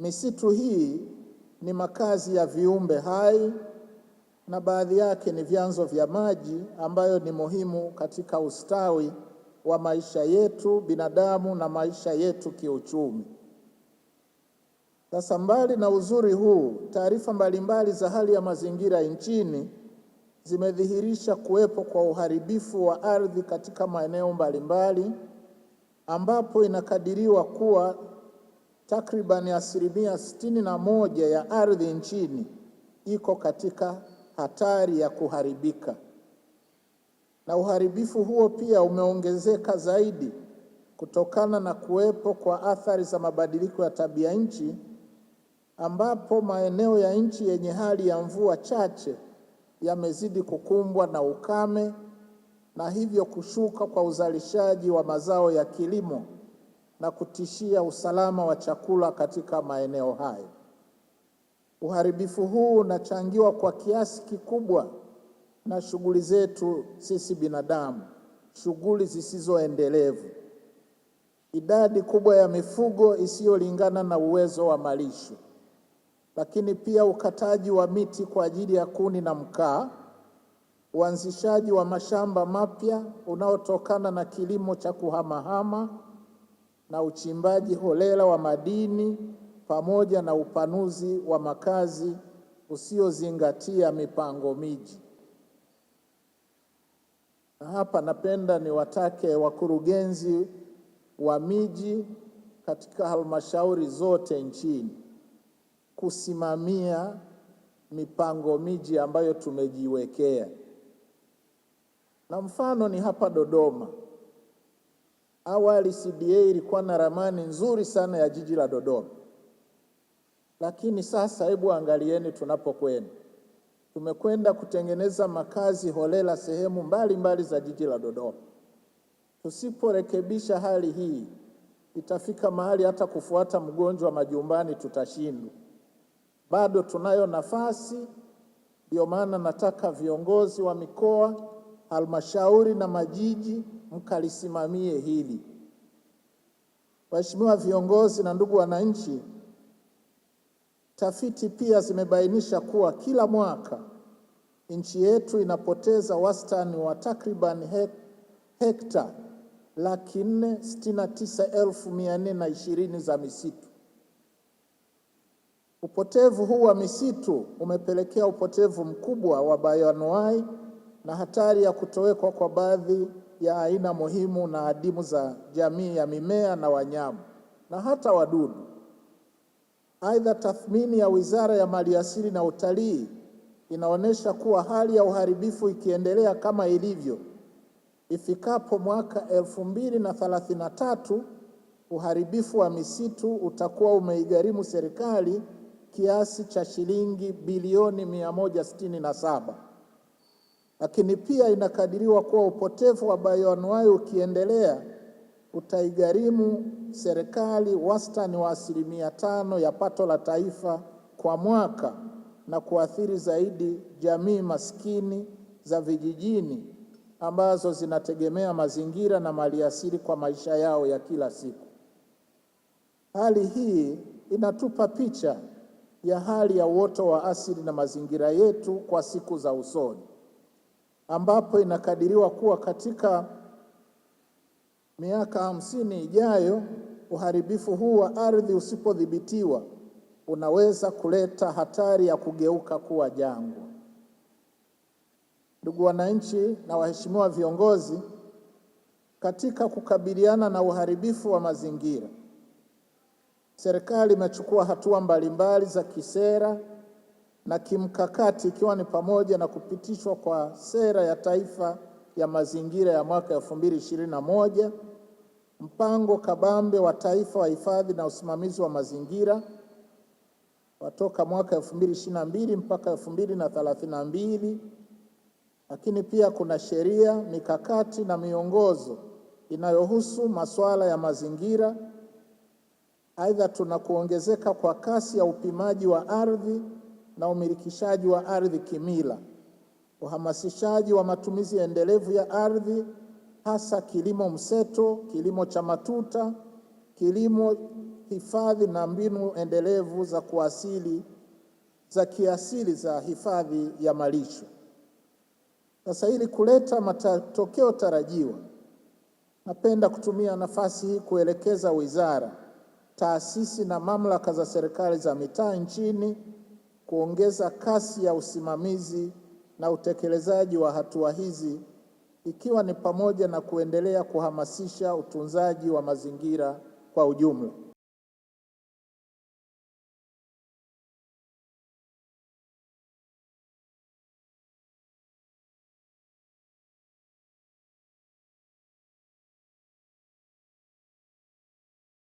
Misitu hii ni makazi ya viumbe hai na baadhi yake ni vyanzo vya maji ambayo ni muhimu katika ustawi wa maisha yetu binadamu na maisha yetu kiuchumi. Sasa, mbali na uzuri huu, taarifa mbalimbali za hali ya mazingira nchini zimedhihirisha kuwepo kwa uharibifu wa ardhi katika maeneo mbalimbali ambapo inakadiriwa kuwa Takribani asilimia na moja ya ardhi nchini iko katika hatari ya kuharibika, na uharibifu huo pia umeongezeka zaidi kutokana na kuwepo kwa athari za mabadiliko ya tabia nchi, ambapo maeneo ya nchi yenye hali ya mvua chache yamezidi kukumbwa na ukame na hivyo kushuka kwa uzalishaji wa mazao ya kilimo na kutishia usalama wa chakula katika maeneo hayo. Uharibifu huu unachangiwa kwa kiasi kikubwa na shughuli zetu sisi binadamu, shughuli zisizoendelevu, idadi kubwa ya mifugo isiyolingana na uwezo wa malisho, lakini pia ukataji wa miti kwa ajili ya kuni na mkaa, uanzishaji wa mashamba mapya unaotokana na kilimo cha kuhamahama na uchimbaji holela wa madini pamoja na upanuzi wa makazi usiozingatia mipango miji. Na hapa napenda niwatake wakurugenzi wa miji katika halmashauri zote nchini kusimamia mipango miji ambayo tumejiwekea, na mfano ni hapa Dodoma. Awali CDA ilikuwa na ramani nzuri sana ya jiji la Dodoma, lakini sasa, hebu angalieni tunapokwenda. Tumekwenda kutengeneza makazi holela sehemu mbalimbali mbali za jiji la Dodoma. Tusiporekebisha hali hii, itafika mahali hata kufuata mgonjwa majumbani tutashindwa. Bado tunayo nafasi, ndio maana nataka viongozi wa mikoa, halmashauri na majiji mkalisimamie hili. Waheshimiwa viongozi na ndugu wananchi, tafiti pia zimebainisha kuwa kila mwaka nchi yetu inapoteza wastani wa takriban hek hekta laki nne sitini na tisa elfu mia nne na ishirini za misitu. Upotevu huu wa misitu umepelekea upotevu mkubwa wa bayoanuai na hatari ya kutowekwa kwa baadhi ya aina muhimu na adimu za jamii ya mimea na wanyama na hata wadudu. Aidha, tathmini ya Wizara ya Maliasili na Utalii inaonyesha kuwa hali ya uharibifu ikiendelea kama ilivyo, ifikapo mwaka elfu mbili na na tatu uharibifu wa misitu utakuwa umeigharimu serikali kiasi cha shilingi bilioni 167 lakini pia inakadiriwa kuwa upotevu wa bayoanuai ukiendelea utaigharimu serikali wastani wa asilimia tano ya pato la taifa kwa mwaka na kuathiri zaidi jamii maskini za vijijini ambazo zinategemea mazingira na maliasili kwa maisha yao ya kila siku. Hali hii inatupa picha ya hali ya uoto wa asili na mazingira yetu kwa siku za usoni ambapo inakadiriwa kuwa katika miaka hamsini ijayo uharibifu huu wa ardhi usipodhibitiwa unaweza kuleta hatari ya kugeuka kuwa jangwa. Ndugu wananchi na waheshimiwa viongozi, katika kukabiliana na uharibifu wa mazingira, serikali imechukua hatua mbalimbali za kisera na kimkakati ikiwa ni pamoja na kupitishwa kwa sera ya taifa ya mazingira ya mwaka 2021, mpango kabambe wa taifa wa hifadhi na usimamizi wa mazingira watoka mwaka 2022 mpaka 2032, lakini pia kuna sheria, mikakati na miongozo inayohusu masuala ya mazingira. Aidha, tuna kuongezeka kwa kasi ya upimaji wa ardhi na umilikishaji wa ardhi kimila, uhamasishaji wa matumizi endelevu ya ardhi, hasa kilimo mseto, kilimo cha matuta, kilimo hifadhi na mbinu endelevu za kuasili za kiasili za hifadhi ya malisho. Sasa ili kuleta matokeo tarajiwa, napenda kutumia nafasi hii kuelekeza wizara, taasisi na mamlaka za serikali za mitaa nchini kuongeza kasi ya usimamizi na utekelezaji wa hatua hizi ikiwa ni pamoja na kuendelea kuhamasisha utunzaji wa mazingira kwa ujumla.